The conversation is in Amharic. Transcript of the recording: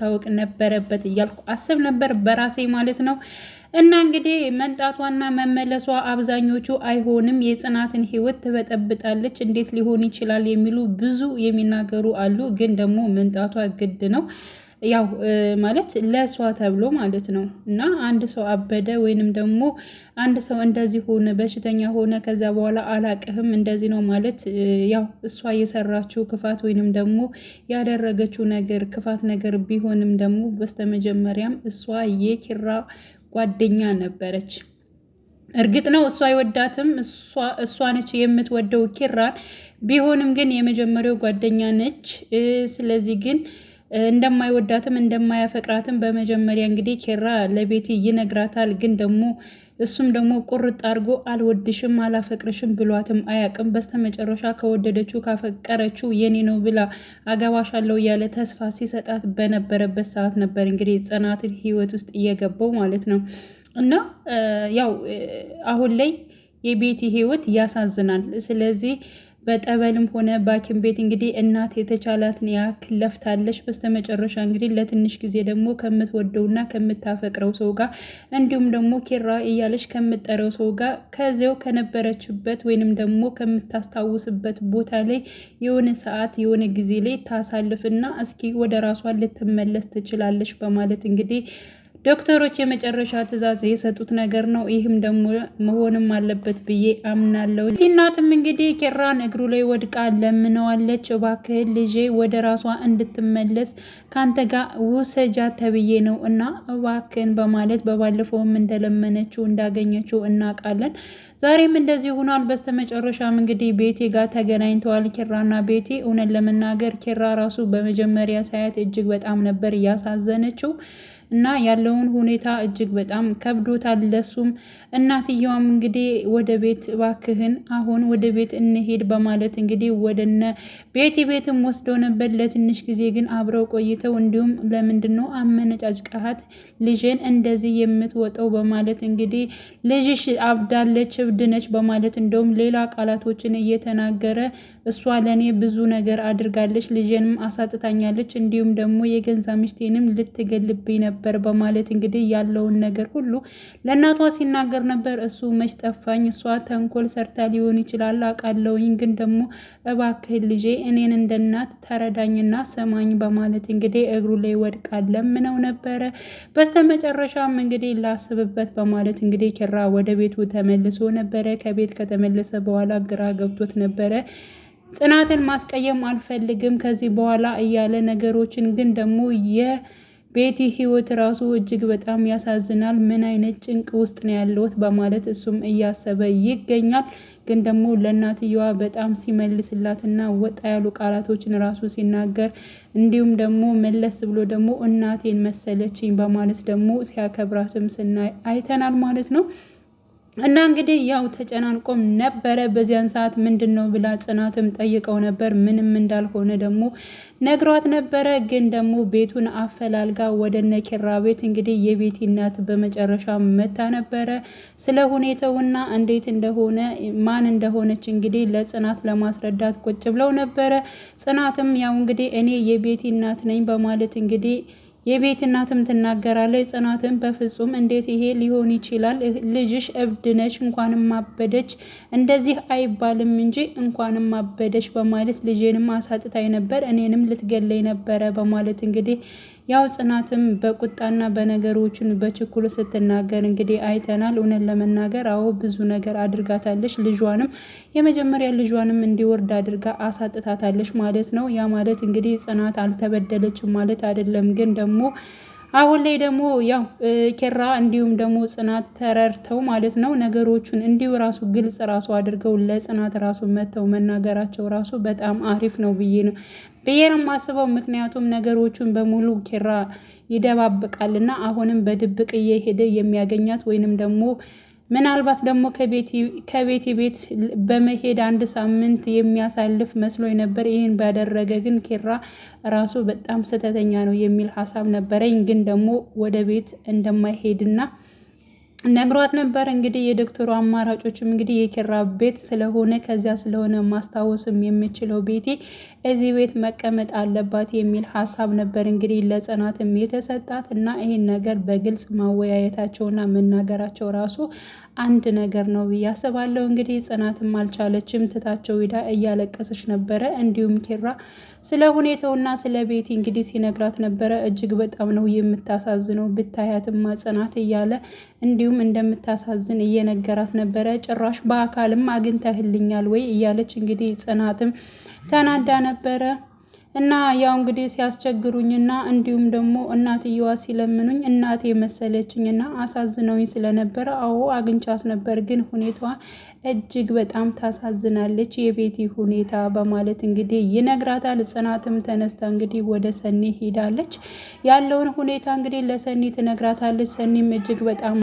መታወቅ ነበረበት እያልኩ አስብ ነበር በራሴ ማለት ነው። እና እንግዲህ መምጣቷና መመለሷ አብዛኞቹ አይሆንም፣ የጽናትን ህይወት ትበጠብጣለች፣ እንዴት ሊሆን ይችላል የሚሉ ብዙ የሚናገሩ አሉ። ግን ደግሞ መምጣቷ ግድ ነው። ያው ማለት ለእሷ ተብሎ ማለት ነው። እና አንድ ሰው አበደ ወይንም ደግሞ አንድ ሰው እንደዚህ ሆነ፣ በሽተኛ ሆነ፣ ከዛ በኋላ አላቅህም እንደዚህ ነው ማለት ያው እሷ የሰራችው ክፋት ወይንም ደግሞ ያደረገችው ነገር ክፋት ነገር ቢሆንም ደግሞ በስተመጀመሪያም እሷ የኪራ ጓደኛ ነበረች። እርግጥ ነው እሷ አይወዳትም፣ እሷ ነች የምትወደው ኪራን። ቢሆንም ግን የመጀመሪያው ጓደኛ ነች። ስለዚህ ግን እንደማይወዳትም እንደማያፈቅራትም በመጀመሪያ እንግዲህ ኬራ ለቤቲ ይነግራታል። ግን ደግሞ እሱም ደግሞ ቁርጥ አድርጎ አልወድሽም አላፈቅርሽም ብሏትም አያቅም በስተመጨረሻ ከወደደችው ካፈቀረችው የኔ ነው ብላ አገባሻለሁ እያለ ተስፋ ሲሰጣት በነበረበት ሰዓት ነበር እንግዲህ ጽናትን ህይወት ውስጥ እየገባው ማለት ነው። እና ያው አሁን ላይ የቤቲ ህይወት ያሳዝናል። ስለዚህ በጠበልም ሆነ ባኪን ቤት እንግዲህ እናት የተቻላትን ያክል ለፍታለች። በስተመጨረሻ እንግዲህ ለትንሽ ጊዜ ደግሞ ከምትወደውና ከምታፈቅረው ሰው ጋር እንዲሁም ደግሞ ኪራ እያለች ከምጠረው ሰው ጋር ከዚያው ከነበረችበት ወይንም ደግሞ ከምታስታውስበት ቦታ ላይ የሆነ ሰዓት የሆነ ጊዜ ላይ ታሳልፍና እስኪ ወደ ራሷ ልትመለስ ትችላለች በማለት እንግዲህ ዶክተሮች የመጨረሻ ትዕዛዝ የሰጡት ነገር ነው። ይህም ደግሞ መሆንም አለበት ብዬ አምናለሁ። እናትም እንግዲህ ኪራን እግሩ ላይ ወድቃ ለምነዋለች። እባክህ ልጄ ወደ ራሷ እንድትመለስ ከአንተ ጋር ውሰጃ ተብዬ ነው እና እባክህን በማለት በባለፈውም እንደለመነችው እንዳገኘችው እናውቃለን። ዛሬም እንደዚህ ሆኗል። በስተመጨረሻም እንግዲህ ቤቲ ጋር ተገናኝተዋል ኪራና ቤቲ። እውነት ለመናገር ኪራ ራሱ በመጀመሪያ ሳያት እጅግ በጣም ነበር እያሳዘነችው እና ያለውን ሁኔታ እጅግ በጣም ከብዶታል። ለሱም እናትየዋም እንግዲህ ወደ ቤት እባክህን አሁን ወደ ቤት እንሄድ በማለት እንግዲህ ወደነ ቤቲ ቤትም ወስደው ነበር። ለትንሽ ጊዜ ግን አብረው ቆይተው እንዲሁም ለምንድን ነው አመነጫጭቃሃት ልጅን እንደዚህ የምትወጠው በማለት እንግዲህ ልጅሽ አብዳለች፣ እብድ ነች በማለት እንደውም ሌላ ቃላቶችን እየተናገረ እሷ ለእኔ ብዙ ነገር አድርጋለች፣ ልጅንም አሳጥታኛለች፣ እንዲሁም ደግሞ የገንዛ ሚስቴንም ልትገልብኝ ነበር ነበር በማለት እንግዲህ ያለውን ነገር ሁሉ ለእናቷ ሲናገር ነበር። እሱ መች ጠፋኝ፣ እሷ ተንኮል ሰርታ ሊሆን ይችላል አውቃለሁኝ፣ ግን ደግሞ እባክህ ልጄ እኔን እንደ እናት ተረዳኝና ሰማኝ በማለት እንግዲህ እግሩ ላይ ወድቃል ለምነው ነበረ። በስተመጨረሻም እንግዲህ ላስብበት በማለት እንግዲህ ኪራ ወደ ቤቱ ተመልሶ ነበረ። ከቤት ከተመለሰ በኋላ ግራ ገብቶት ነበረ። ጽናትን ማስቀየም አልፈልግም ከዚህ በኋላ እያለ ነገሮችን ግን ደግሞ የ ቤቲ ህይወት ራሱ እጅግ በጣም ያሳዝናል። ምን አይነት ጭንቅ ውስጥ ነው ያለሁት በማለት እሱም እያሰበ ይገኛል። ግን ደግሞ ለእናትየዋ በጣም ሲመልስላትና ወጣ ያሉ ቃላቶችን ራሱ ሲናገር እንዲሁም ደግሞ መለስ ብሎ ደግሞ እናቴን መሰለችኝ በማለት ደግሞ ሲያከብራትም ስናይ አይተናል ማለት ነው። እና እንግዲህ ያው ተጨናንቆም ነበረ በዚያን ሰዓት ምንድን ነው ብላ ጽናትም ጠይቀው ነበር። ምንም እንዳልሆነ ደግሞ ነግሯት ነበረ። ግን ደግሞ ቤቱን አፈላልጋ ወደ ነኪራ ቤት እንግዲህ የቤቲ እናት በመጨረሻ መታ ነበረ። ስለ ሁኔታውና እንዴት እንደሆነ ማን እንደሆነች እንግዲህ ለጽናት ለማስረዳት ቁጭ ብለው ነበረ። ጽናትም ያው እንግዲህ እኔ የቤቲ እናት ነኝ በማለት እንግዲህ የቤት እናትም ትናገራለች። ጽናትን በፍጹም እንዴት ይሄ ሊሆን ይችላል? ልጅሽ እብድ ነች፣ እንኳንም አበደች። እንደዚህ አይባልም እንጂ እንኳንም አበደች በማለት ልጄንም አሳጥታኝ ነበር፣ እኔንም ልትገለኝ ነበረ በማለት እንግዲህ ያው ጽናትም በቁጣና በነገሮችን በችኩል ስትናገር እንግዲህ አይተናል። እውነት ለመናገር አዎ ብዙ ነገር አድርጋታለች። ልጇንም የመጀመሪያ ልጇንም እንዲወርድ አድርጋ አሳጥታታለች ማለት ነው። ያ ማለት እንግዲህ ጽናት አልተበደለችም ማለት አይደለም፣ ግን ደግሞ አሁን ላይ ደግሞ ያው ኬራ እንዲሁም ደግሞ ጽናት ተረድተው ማለት ነው ነገሮቹን እንዲሁ ራሱ ግልጽ ራሱ አድርገው ለጽናት ራሱ መተው መናገራቸው ራሱ በጣም አሪፍ ነው ብዬ ነው ብዬ ነው የማስበው። ምክንያቱም ነገሮቹን በሙሉ ኬራ ይደባብቃልና አሁንም በድብቅ እየሄደ የሚያገኛት ወይንም ደግሞ ምናልባት ደግሞ ከቤቴ ቤት በመሄድ አንድ ሳምንት የሚያሳልፍ መስሎ ነበር። ይህን ባደረገ ግን ኪራ ራሱ በጣም ስህተተኛ ነው የሚል ሀሳብ ነበረኝ። ግን ደግሞ ወደ ቤት እንደማይሄድና ነግሯት ነበር። እንግዲህ የዶክተሩ አማራጮችም እንግዲህ የኪራ ቤት ስለሆነ ከዚያ ስለሆነ ማስታወስም የምችለው ቤቴ እዚህ ቤት መቀመጥ አለባት የሚል ሀሳብ ነበር እንግዲህ ለጽናትም የተሰጣት እና ይህን ነገር በግልጽ ማወያየታቸውና መናገራቸው ራሱ አንድ ነገር ነው ብዬ አስባለሁ። እንግዲህ ጽናትም አልቻለችም፣ ትታቸው ሂዳ እያለቀሰች ነበረ። እንዲሁም ኪራ ስለ ሁኔታውና ስለ ቤቲ እንግዲህ ሲነግራት ነበረ። እጅግ በጣም ነው የምታሳዝነው ብታያትማ ጽናት እያለ እንዲሁም እንደምታሳዝን እየነገራት ነበረ። ጭራሽ በአካልም አግኝተህልኛል ወይ እያለች እንግዲህ ጽናትም ተናዳ ነበረ። እና ያው እንግዲህ ሲያስቸግሩኝና እንዲሁም ደግሞ እናትየዋ ሲለምኑኝ እናቴ መሰለችኝና አሳዝነውኝ ስለነበረ አዎ አግኝቻት ነበር፣ ግን ሁኔታዋ እጅግ በጣም ታሳዝናለች የቤቲ ሁኔታ በማለት እንግዲህ ይነግራታል። ጽናትም ተነስታ እንግዲህ ወደ ሰኒ ሄዳለች። ያለውን ሁኔታ እንግዲህ ለሰኒ ትነግራታለች። ሰኒም እጅግ በጣም